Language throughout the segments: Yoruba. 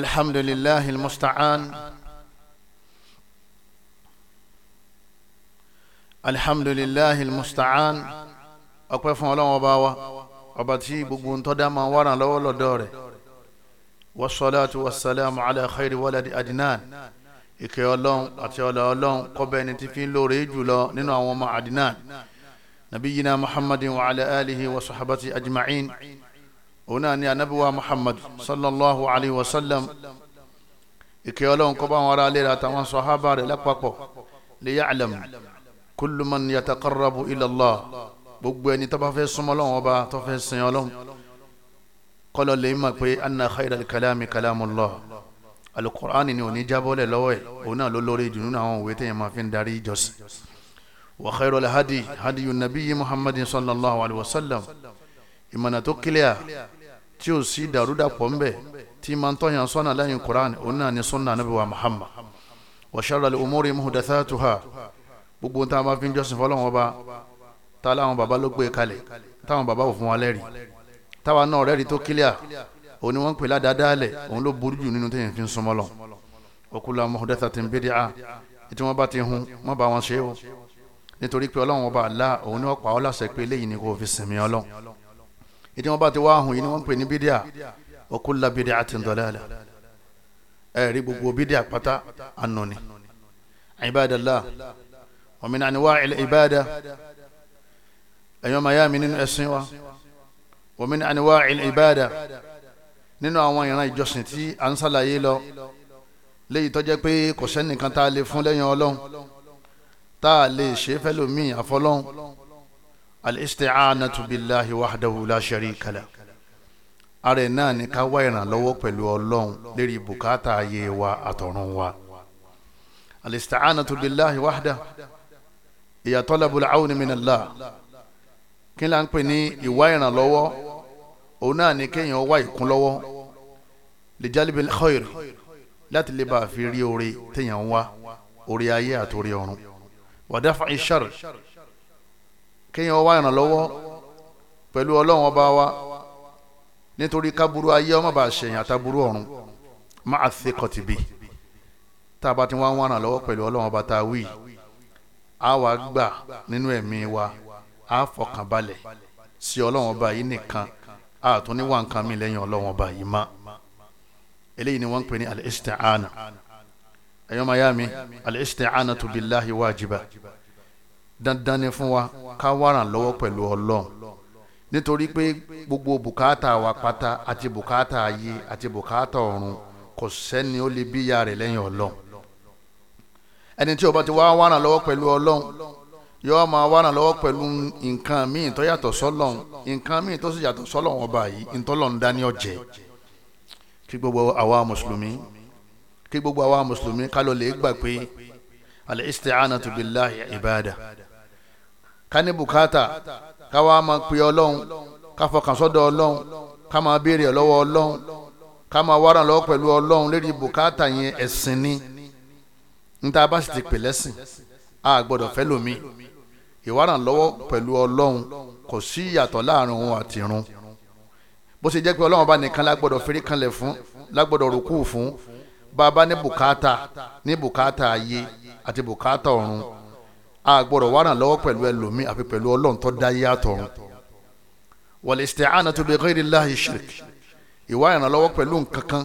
alhamdulillahi almusta'an alhamdulillahi almusta'an ọpẹ́ fún Ọlọ́run ọba wa ọba tí gbogbo ń tọ́dá máa wára lọ́wọ́ lọ́dọ̀ rẹ̀ wasalaatu wasalaamu ala khayri waladi adinan ìkẹ́ Ọlọ́run àti ọlá Ọlọ́run kọbẹ ẹni tí fi ń lóore jùlọ nínú àwọn ọmọ adinan nabiyina muhammadin wa ala alihi wa sahabati ajma'in òun náà ni anabiwa muhammad sallallahu alayhi wa sallam ìkẹ́ ọlọ́run kó bá wọn ará lera àtàwọn sọ̀hábà rẹ̀ lápapọ̀ liya'lam kullu man yataqarrabu ila Allah gbogbo ẹni tó bá fẹ́ súnmọ́ ọlọ́run ọba tó fẹ́ sin ọlọ́run kọ́lọ̀ lè mọ̀ pé anna khayral kalami kalamullah alukur'ani ni òní jábọ́lẹ̀ lọ́wọ́ ẹ̀ òun náà ló lórí jù nínú àwọn òwe téèyàn wa khayral hadi hadi nabiyyi muhammadin sallallahu alayhi wa sallam ìmọ̀nà tó kílíà tí ò sí dàrúdàpọ̀ ńbẹ̀ tí máa ń tọ́yàn sọ́nà lẹ́yìn Quran òun náà ni sunna Ànábì wa Muhammad wa sharral umuri muhdathatuha gbogbo tá a máa fi ń jọ́sìn fọlọ́wọn ọba tá láwọn baba ló gbé e kalẹ̀ táwọn baba ò fún wa lẹ́rìí táwa náà rẹ́rì tó kílíà òun ni wọ́n ń pè ládàádáálẹ̀ òun ló burú jù nínú téèyàn fi ń súnmọ́ lọ wa kullu muhdathatin bid'ah ètò wọn bá ti hun wọn bá wọn ṣe o nítorí pé ọlọ́run ọba Allah òun ni wọ́n pa ọ́ ìdí wọn bá ti wá ahùn yìí ni wọ́n ń pè ní bídíà wa kullu bid'atin dalalah ẹ̀rí gbogbo bídíà pátá ànúni ibadallah wa min anwa'il ibada ẹ̀yọ́ mayami nínú ẹ̀sìn wa wa min anwa'il ibada nínú àwọn ìran ìjọsìn tí a ń ṣàlàyé lọ léyìí tó pé kò sẹ́nìkan tá a lè fún lẹ́yìn ọlọ́run tá a lè ṣe fẹ́lòmíì àfọlọ́run al-isti'anatu billahi wahdahu la sharika la ara ẹ̀ náà ní ká wá ìrànlọ́wọ́ pẹ̀lú ọlọ́run lérí bùkátà ayé wa àtọ̀run wa al-isti'anatu billahi wahdahu ìyà talabul auni minallah kí la ń pè ní ìwá ìrànlọ́wọ́ òun náà ní kéèyàn wá ìkúnlọ́wọ́ li jalbil khair láti lè bá a fi rí oore téèyàn wá oore ayé àtòrí ọ̀run wa daf'i shar kéèyàn wá ìrànlọ́wọ́ pẹ̀lú ọlọ́run ọba wa nítorí kábúrú ayé ọmọ bá ṣèyàn àtàbúrú ọ̀run má a ṣe kọ̀tì bí tá a bá ti wá ń wá ìrànlọ́wọ́ pẹ̀lú ọlọ́run ọba tá a wí a wà gbà nínú ẹ̀mí wa a fọkàn balẹ̀ sí ọlọ́run ọba yìí nìkan a tún ní wà nǹkan mi lẹ́yìn ọlọ́run ọba yìí má eléyìí ni wọ́n ń pè ní al-isti'ana ẹ̀yọ́ mayami al-isti'anatu billahi wajiba. dandan ni fún wa ká wá lọ́wọ́ pẹ̀lú ọlọ́run nítorí pé gbogbo bùkátà wa pátá àti bùkátà ayé àti bùkátà ọ̀run kò sẹ́ni ó lè bí ìyá rẹ̀ lẹ́yìn ọlọ́run ẹni tí ti wá wá lọ́wọ́ pẹ̀lú ọlọ́run yóò máa wá lọ́wọ́ pẹ̀lú nǹkan míì tó yàtọ̀ sọ́lọ́run nǹkan míì tó sì yàtọ̀ sọ́lọ́run ọba yìí dání kí gbogbo al-isti'anatu billahi ibada ká ní bùkátà ká wá máa pe ọlọ́run ká fọkàn sọ́dọ̀ ọlọ́run ká máa béèrè lọ́wọ́ ọlọ́run ká máa wá ràn lọ́wọ́ pẹ̀lú ọlọ́run lérí bùkátà yẹn ẹ̀sìn ni níta bá sì ti pè lẹ́sìn a gbọ́dọ̀ fẹ́ iwaran ìwárànlọ́wọ́ pẹ̀lú ọlọ́run kò sí ìyàtọ̀ láàrin òun àti irun bó ṣe jẹ́ pé ọlọ́run bá nìkan lágbọ́dọ̀ fẹ́rí kanlẹ̀ fún lágbọ́dọ̀ rúkú fún bàbá ní bùkátà ní bùkátà ayé àti bùkátà ọ̀run a gbọ́dọ̀ wá ràn lọ́wọ́ pẹ̀lú ẹlòmí àfi pẹ̀lú ọlọ́run tó dá yàtọ̀ ọ̀run wal isti'anatu bi ghayri Allahi shirk ìwà ìrànlọ́wọ́ pẹ̀lú nǹkankan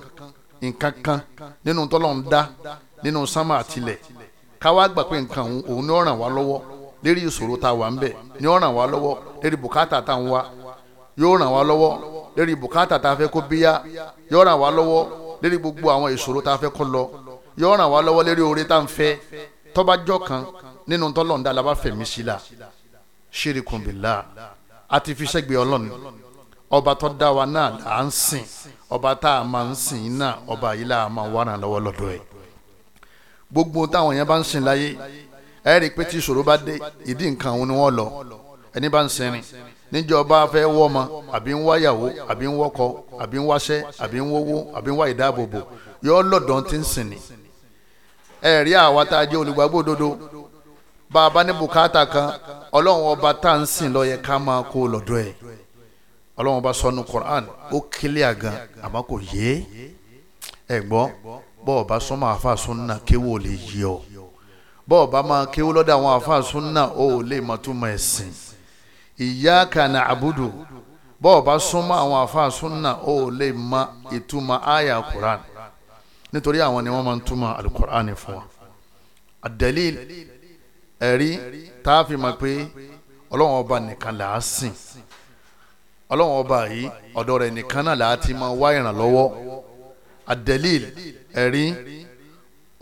nǹkankan nínú tọ́lọ́run dá nínú sánmà àtìlẹ̀ káwá gbà pé nǹkan òun ni ó ràn wá lọ́wọ́ lérí ìṣòro tá a wà ń bẹ̀ ni ó ràn wá lọ́wọ́ lérí bùkátà tá a ń wá yóò ràn wá lọ́wọ́ lérí bùkátà tá a fẹ́ kó bíyá yóò ràn wá lọ́wọ́ lérí gbogbo àwọn ìṣòro tá a fẹ́ kó lọ yóò ràn wá lọ́wọ́ lérí oore tá a ń fẹ́ tọ́bajọ́ kan nínú tọ́lọ́ǹda la bá fẹ̀mí sí la ṣírikùn bìlá a ti fi sẹ́gbẹ̀ẹ́ ọlọ́ni ọba tó dá wa náà là ń sìn ọba tá a máa ń sìn náà ọba yìí là máa wà ràn lọ́wọ́ lọ́dọ̀ ẹ̀ gbogbo táwọn yẹn bá ń sìn láyé ẹ̀ rí i pé tí ìṣòro bá dé ìdí nǹkan òun ni wọ́n lọ ẹni bá ń sẹ́rin níjọ́ bá fẹ́ wọ́ àbí ń yàwó àbí ń wọ́kọ àbí ń wáṣẹ́ àbí ń wówó àbí ń wá ìdáàbòbò yọ tí ń sìn ẹ rí àwa tá a jẹ́ bá a bá ní bukata kan ọlọ́run ọba tá à ń sìn ló yẹ ká máa kó lọ́dọ̀ ọba sọnù Quran ó kílíà gan àmọ́ kò yé ẹ gbọ́ kéwò lè yí ọ máa kéwò lọ́dọ̀ àwọn iyyaka na'budu bọ́ọ̀ bá súnmọ́ àwọn àfa súnà ó lè mọ ìtumọ̀ àyà quran nítorí àwọn ni wọ́n máa ń túmọ̀ alukur'an fún wa ad-dalil ẹ̀rí tá a fi mọ̀ pé ọlọ́wọ́n ọba nìkan là á sìn ọlọ́wọ́n ọba yìí ọ̀dọ̀ rẹ̀ nìkan náà là á ti máa wá ìrànlọ́wọ́ ad ẹ̀rí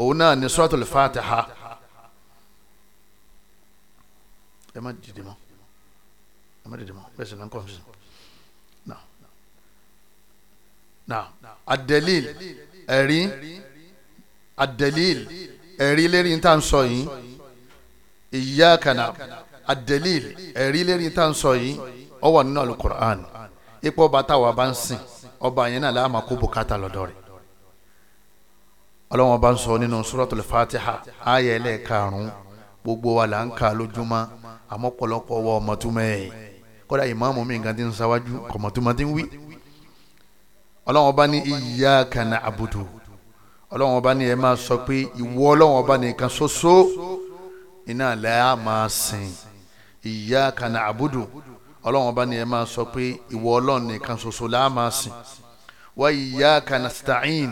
òun náà ni suratul fatiha ẹ má dìde mọ́ mede de mo bɛsɛ na nkɔmfisɛ na na adalil ẹ̀rí adalil ẹ̀rí lérí tá n sọ yìí iyyaka kana, adalil ẹ̀rí lérí tá n sọ yìí ó wà nínú alukur'an ipò ọba táwa bá ń sìn ọba yẹn náà láàmà kó bùkátà lọ́dọ̀ rẹ̀ ọlọ́wọ́n bá ń sọ nínú suratul fatiha ayẹlẹ karùn-ún gbogbo wa là ń kà lójúmọ́ àmọ́ pọ̀lọpọ̀ wọ ọmọ túmẹ̀ yìí kódà ìmáàmù mi nǹkan ti ń sáwájú kọ̀mọ̀túmọ̀ ti ń wí ọlọ́run ọba ní iyyaka na'budu ọlọ́run ọba ní ẹ máa sọ pé ìwọ ọlọ́run ọba nìkan ṣoṣo iná là á máa sìn iyyaka na'budu ọlọ́run ọba ní ẹ máa sọ pé ìwọ ọlọ́run nìkan ṣoṣo là á máa sìn wa iyyaka nasta'in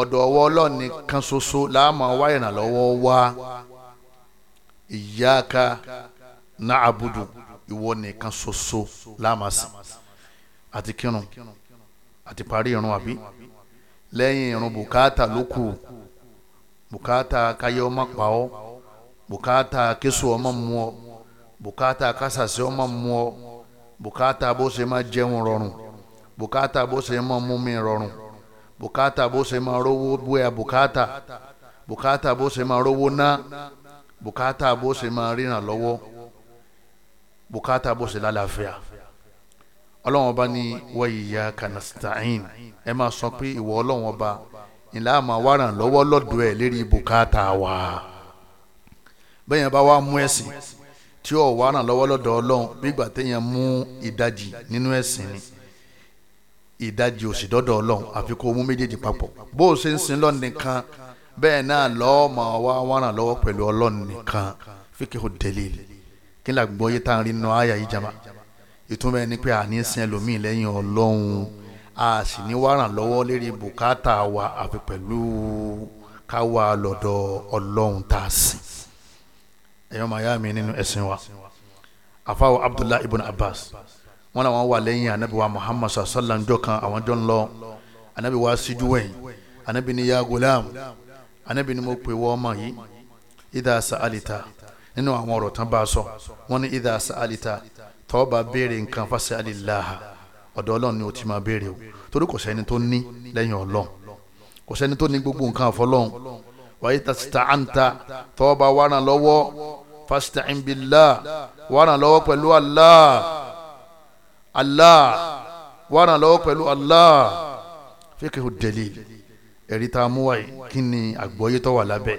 ọ̀dọ̀ ọwọ́ ọlọ́run nìkan ṣoṣo là á máa wá ìrànlọ́wọ́ wá iyyaka na'budu ìwọ nìkan ṣoṣo láàmásì àti kírun àti parí irun àbí lẹ́yìn irun bùkátà ló kù bùkátà káyé ọmọ pa ọ́ bùkátà kéṣù ọmọ mu ọ́ bùkátà kásàsí ọmọ mu ọ́ bùkátà bó ṣe máa jẹun rọrùn bùkátà bó ṣe máa mú mi rọrùn bùkátà bó ṣe máa rówó bóyá bùkátà bùkátà bó ṣe máa rówó ná bùkátà bó ṣe máa ríran lọ́wọ́. Bukata bó la lálàáfíà ọlọ́run ọba ní wa iyyaka nasta'in ẹ máa sọ pé ìwọ ọlọ́run ọba ìlà àmà wàràn lọ́wọ́ lọ́dọ̀ ẹ̀ lérí bùkátà wa bẹ́ẹ̀ yẹn bá wá mú ẹ̀sìn tí ó wàràn lọ́wọ́ lọ́dọ̀ ọlọ́run bígbà téèyàn mú ìdajì nínú ẹ̀sìn ni ìdajì òsì dọ́dọ̀ ọlọ́run àfi kó mú méjèèjì papọ̀ bó o ṣe ń sin lọ́ọ̀ nìkan bẹ́ẹ̀ náà lọ́ọ́ máa wá wàràn lọ́wọ́ pẹ̀lú ọlọ́run nìkan fíkẹ́ ò délé kí la gbọ́ yìí tá a rí nù àyà yìí jama ìtumọ̀ ẹni pé àní sin ẹlòmíì lẹ́yìn ọlọ́run a sì ní wàràn lọ́wọ́ lérí bùkátà wa àfi pẹ̀lú káwa lọ́dọ̀ ọlọ́run tá a sìn ẹ̀yọ́ máa yá mi nínú ẹ̀sìn wa àfáwọ̀ abdullahi ibn abbas wọn làwọn wà lẹ́yìn anabi wa muhammad sallam jọ kan àwọn jọ ń lọ anabi wa síjú wẹ̀yìn anabi ni ya gulam anabi ni mo pè wọ́n ọmọ yìí idà sa'alita nínú àwọn ọ̀rọ̀ tán bá a sọ wọ́n ní idha sa'alita tó bá béèrè nǹkan fas'alillaha ọ̀dọ̀ ọlọ́run ni o ti máa béèrè o torí kò sẹ́ni tó ní lẹ́yìn ọlọ́run kò sẹ́ni tó ní gbogbo nǹkan àfọlọ́run wàyí tasta'anta tó bá wàrà lọ́wọ́ fasta'in billah wàrà lọ́wọ́ pẹ̀lú Allah Allah wàrà lọ́wọ́ pẹ̀lú Allah fiqhu dalil ẹ̀rí tá kí ni àgbọ́yé tó wà lábẹ́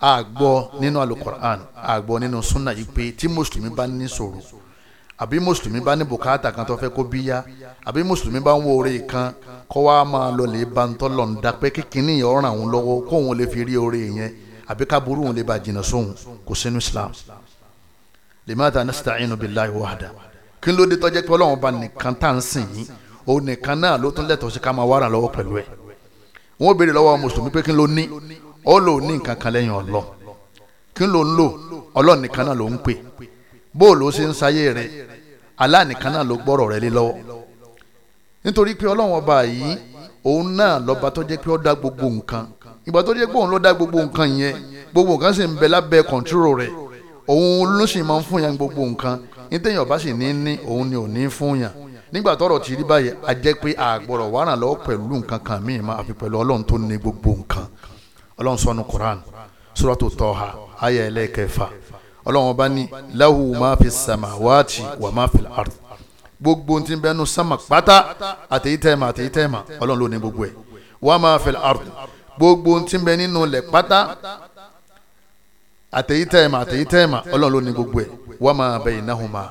a gbọ́ nínú alukoran a nínú sunna yìí pé tí mùsùlùmí bá ní ṣòro àbí mùsùlùmí bá ní bùkátà kan tó fẹ́ kó bíyá àbí mùsùlùmí bá ń wo oore kan kó wá máa lọ lè ba ntọ́ lọ ń da pé kíkíní yẹn ọ̀ràn òun lọ́wọ́ kó òun lè fi rí oore yẹn àbí kábúrú òun lè ba jìnnà sóhun kò sínú islam limata nasta'inu billahi wahda kí ló dé tó jẹ́ pé ọlọ́run bá nìkan tá à ń sìn yín òun nìkan náà ló tún lẹ́tọ̀ọ́ sí ká máa wára lọ́wọ́ pẹ̀lú ẹ̀ wọ́n béèrè lọ́wọ́ mùsùlùmí pé kí ló ní ó lò ní nǹkan kan lẹ́yìn ọlọ́ kí ló ń lò ọlọ́ọ̀ nìkan náà ló ń pè bó ló ṣe ń rẹ ala náà ló gbọ́rọ̀ rẹ lé lọ́wọ́ nítorí pé ọlọ́run ọba yìí òun náà lọ́ba tó jẹ́ pé gbogbo nǹkan ìgbà tó jẹ́ pé gbogbo nǹkan yẹn gbogbo nǹkan sì ń bẹ lábẹ́ kọ̀ǹtúrò rẹ̀ òun ló sì máa gbogbo nǹkan nítẹ̀yìn ọba sì ní ni ò ní fún yàn nígbà tọrọ rí báyìí a jẹ́ pé ọlọ́run sọnù Quran suratu Taha ayé ẹlẹ́kẹfà ọlọ́run bá ní lahu ma fi samawati wa ma fi ard gbogbo ti bẹnu sama pátá àtẹ̀yítẹ́mà àtẹ̀yítẹ́mà ọlọ́run ló ní gbogbo ẹ̀ wa ma fi ard gbogbo ti bẹ nínú lẹ̀ pátá àtẹ̀yítẹ́mà àtẹ̀yítẹ́mà ọlọ́run ló ní gbogbo ẹ̀ wa ma baynahuma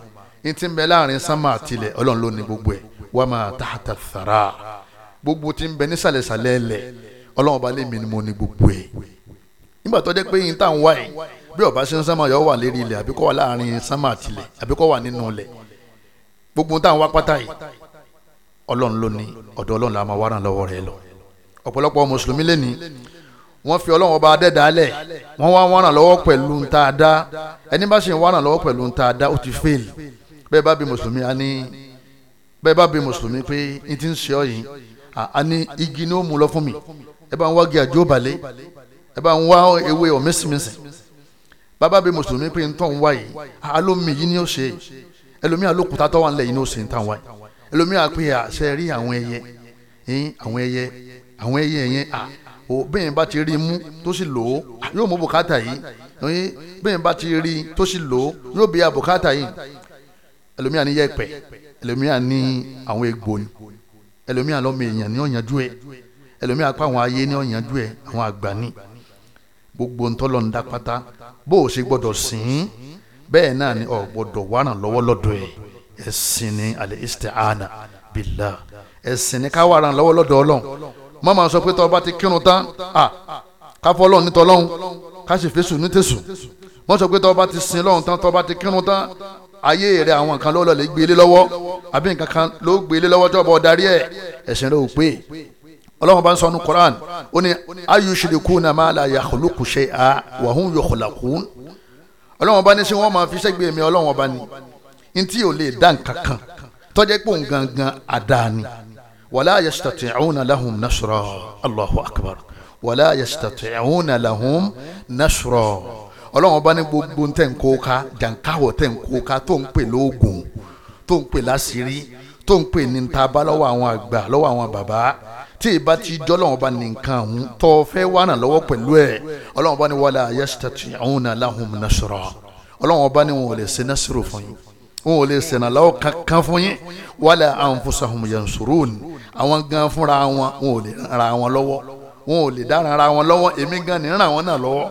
n ti bẹ láàrin sama àtìlẹ̀ ọlọ́run ló ní gbogbo ẹ̀ wa ma tahta thara gbogbo ti bẹ nísàlẹ̀sàlẹ̀ lẹ̀ ọlọ́run bá lè mi ni mo ní gbogbo ẹ̀ nígbà tó jẹ́ pé yín táwọn wá ẹ̀ bí ọba ṣe ń sánmà yọ wà lérí ilẹ̀ àbí kọ́ wà láàrin sánmà àtìlẹ̀ àbí wà nínú ilẹ̀ gbogbo táwọn wá pátá yìí ọlọ́run ló ní ọ̀dọ̀ ọlọ́run la máa wá ràn lọ́wọ́ rẹ̀ lọ ọ̀pọ̀lọpọ̀ mùsùlùmí lẹ́ni wọ́n fi ọlọ́run ọba adẹ́dàálẹ̀ wọ́n wá wọ́n ràn lọ́wọ́ pẹ̀lú ntaada ẹni bá ṣe ń wá ràn lọ́wọ́ pẹ̀lú ntaada ó ti fail bẹ́ẹ̀ bá bí mùsùlùmí a ní bẹ́ẹ̀ bá bí mùsùlùmí pé n ti ń ṣe ọ yìí a ní igi ni ó mú lọ fún mi ẹ bá ń wá gíga jó balẹ̀ ẹ bá ń wá ewé ọ̀mẹ́sìmẹ́sì bàbá bíi mùsùlùmí pé ń tọ́ ń wá yìí alómi yìí ni ó ṣe ẹlòmí àlòkúta tó wà ń lẹ̀ yìí ni ó ṣe ń tà wá yìí ẹlòmí àpè àṣẹ rí àwọn ẹyẹ àwọn ẹyẹ àwọn ẹyẹ yẹn à ó bẹ́ẹ̀ bá ti rí mú tó sì lò ó yóò mú bùkátà yìí bẹ́ẹ̀ bá ti rí tó sì lò ó yóò bí a yìí ẹlòmí àní yẹpẹ ẹlòmí àní àwọn egbò ni ẹlòmí àlọ́mọ èèyàn ni ó yanjú ẹ ẹlòmíì apá àwọn ayé ní ọ̀yànjú ẹ̀ àwọn àgbà ní gbogbo ntọ́lọ́ ń dá bó o ṣe gbọ́dọ̀ sìn ín bẹ́ẹ̀ náà ni ọ̀ gbọ́dọ̀ wàràn lọ́wọ́ lọ́dọ̀ ẹ̀ ẹ̀sìn ni al-isti'ana billah ẹ̀sìn ni ká wàràn lọ́wọ́ lọ́dọ̀ ọlọ́run mọ́ máa sọ pé tọ́ bá ti kírun tán à káfọ́ ọlọ́run ní tọ́lọ́run ká sì fésù ní tẹ̀sù wọ́n sọ pé tọ́ bá ti sin lọ́run tán tọ́ bá ti kírun tán ayé rẹ̀ àwọn nǹkan lọ́lọ́ lè gbélé lọ́wọ́ àbí nǹkan kan ló gbélé lọ́wọ́ tọ́ bọ́ darí ẹ̀ ẹ̀sìn rẹ̀ ò pé ọlọ́run bá ń sọ ní Quran ó ní ayushirikuna ma la yakhluqu shay'a wa hum yukhlaqun ọlọ́run bá ní sí wọ́n máa fi sẹ́gbẹ̀ẹ́ mi ọlọ́run bá ní ntí ò lè dá nǹkan kan tọ́jẹ́ pé òun gangan àdáni wala yastati'una lahum nasra Allahu akbar wala yastati'una lahum nasra ọlọ́run bá ní gbogbo tẹ̀ ń kó ká jàǹkáwọ̀ tẹ̀ ń kó ká tó ń pè lóògùn tó ń pè láṣìírí tó ń pè ní ta bá lọ́wọ́ àwọn àgbà lọ́wọ́ àwọn bàbá tí ìbá ti jọ́ lọ́wọ́ bá nìkan ọ̀hún tọ́ fẹ́ wà náà lọ́wọ́ pẹ̀lú ẹ̀ ọlọ́wọ́ bá ní wàlá yastati'una lahum nasra ọlọ́wọ́ bá ní wọn ò lè ṣe nasiru fún yín wọn ò lè ṣèrànlọ́wọ́ kankan fún yín wàlá anfusahum yansurun àwọn gan fúnra wọn wọn ò lè ra wọn lọ́wọ́ wọn ò lè dára ra wọn lọ́wọ́ èmi gan ní ràn wọn náà lọ́wọ́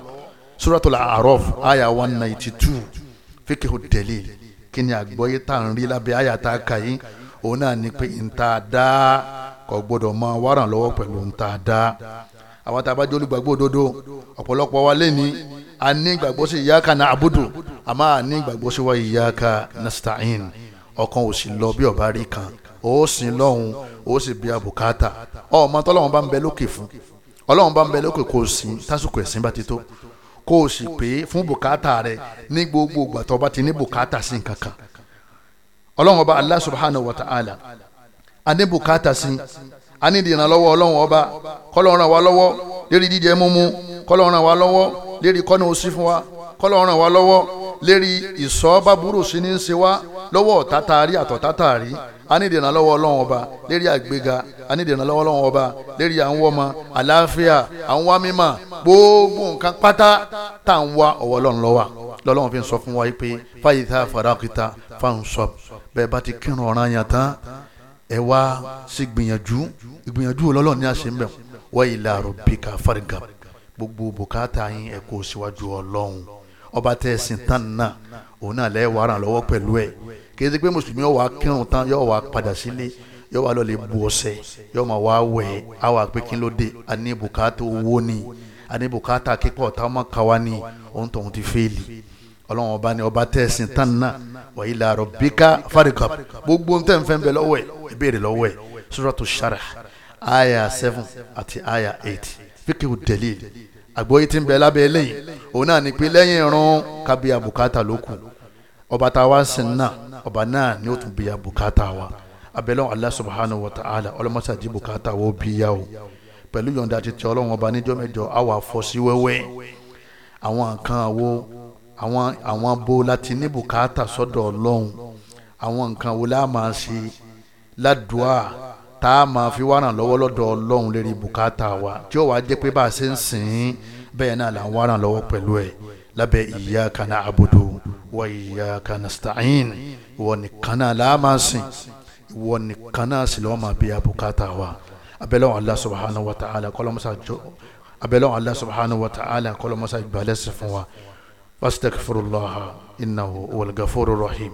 suratul a'raf aya one ninety two fikihu deli kí ni àgbọ́yé tá à ń rí lábẹ́ aya tá a kà yín òun náà kò gbọ́dọ̀ máa wárán lọ́wọ́ pẹ̀lú ń ta dá àwọn tá a bá jẹ́ olùgbàgbọ́ a ní ìgbàgbọ́ sí na abudu a ní ìgbàgbọ́ sí wa iyyaka nasta'in ọkàn ò sì lọ bí ọba rí kan ó sì lọ́hùn ó sì bí abùkátà ọmọ tọ́lọ́wọ́n bá ń bẹ lókè fún ọlọ́wọ́n bá ń bẹ lókè tásùkò fún bùkátà rẹ ní gbogbo bá ti ní ọlọ́wọ́n anébùkátà sí anídìí ìrànlọ́wọ́ ọlọ́run ọba kọ́lọ́run ràn wá lọ́wọ́ lérí dídì ẹmúmú kọ́lọ́run ràn wá lọ́wọ́ lérí kọ́nà òsì fún wa kọ́lọ́run ràn wá lọ́wọ́ lérí ìsọ́ bábúrò sí ní í ṣe wá lọ́wọ́ ọ̀tátàárí àtọ̀tátàárí anídìí ìrànlọ́wọ́ ọlọ́run ọba lérí àgbéga anídìí ìrànlọ́wọ́ ọlọ́run ọba lérí à ń wọ́ ọmọ àlàáfíà à ń wá mímọ́ gbogbo nǹkan pátá tá à ń wá ọwọ́ ọlọ́run ló wà fi ń fún wa yìí pé fáyìí tá a ẹ wá sí gbìyànjú gbìyànjú ọlọ́lọ́ ní àṣẹ mbẹ́ wá ila rabbika farghab gbogbo bùkátà yín ẹ kó síwájú ọlọ́run ọba tẹ́ ẹ sìn tán náà òun náà lẹ́ wàá ràn lọ́wọ́ pẹ̀lú ẹ̀ kì í ṣe pé mùsùlùmí yóò wá kírun tán yóò wá padà sílé yóò wá lọ́ọ́ lè bu ọ̀sẹ̀ yóò máa wá wẹ̀ á wà pé kí ló dé a ní bùkátà owó ni a ní bùkátà kíkọ́ táwọn máa kà wá ní ohun tóun ti fẹ́ẹ̀lì ọlọ́run ọba ni ọba tẹ̀sìn tán náà wa ila rabbika farikab gbogbo ń tẹ̀ ń fẹ́ bẹ̀ lọ́wọ́ ẹ̀ ìbéèrè lọ́wọ́ ẹ̀ suratu sharah aya seven àti aya eight fíkìwù dalil àgbóyé tí ń bẹ lábẹ́ eléyìí òun náà ní pé lẹ́yìn irun kábíyà bùkátà ló kù ọba tá a wá sìn náà ọba náà ni ó tún bíyà bùkátà wa abẹ́lẹ́ Allah subhanahu wa ta'ala ọlọ́mọṣà jí bùkátà wo bíyà o pẹ̀lú yọ̀ǹda àti tí ọlọ́run ọba níjọ́ mẹ́jọ àwọ̀ àfọ̀síwẹ́wẹ́ àwọn nǹkan wo àwọn àwọn bo láti ní bùkátà sọ́dọ̀ ọlọ́run àwọn nǹkan wo la máa ṣe ládùúà tá a máa fi wárán lọ́wọ́ lọ́dọ̀ ọlọ́run lérí bùkátà wa tí ó wàá jẹ́ pé bá a ṣe ń sìn ín bẹ́ẹ̀ náà là ń wárán lọ́wọ́ pẹ̀lú ẹ̀ lábẹ́ iyyaka na'budu wa iyyaka nasta'in ìwọ nìkan náà là máa sìn ìwọ nìkan náà sì lọ́wọ́ máa bí a bùkátà wa abẹ́lẹ́ Allah subhanahu wa ta'ala kọ́lọ́mọ́sá jọ abẹ́lẹ́ Allah subhanahu wa ta'ala kọ́lọ́mọ́sá ìgbàlẹ́sìn fún wa. واستغفر الله انه هو الغفور الرحيم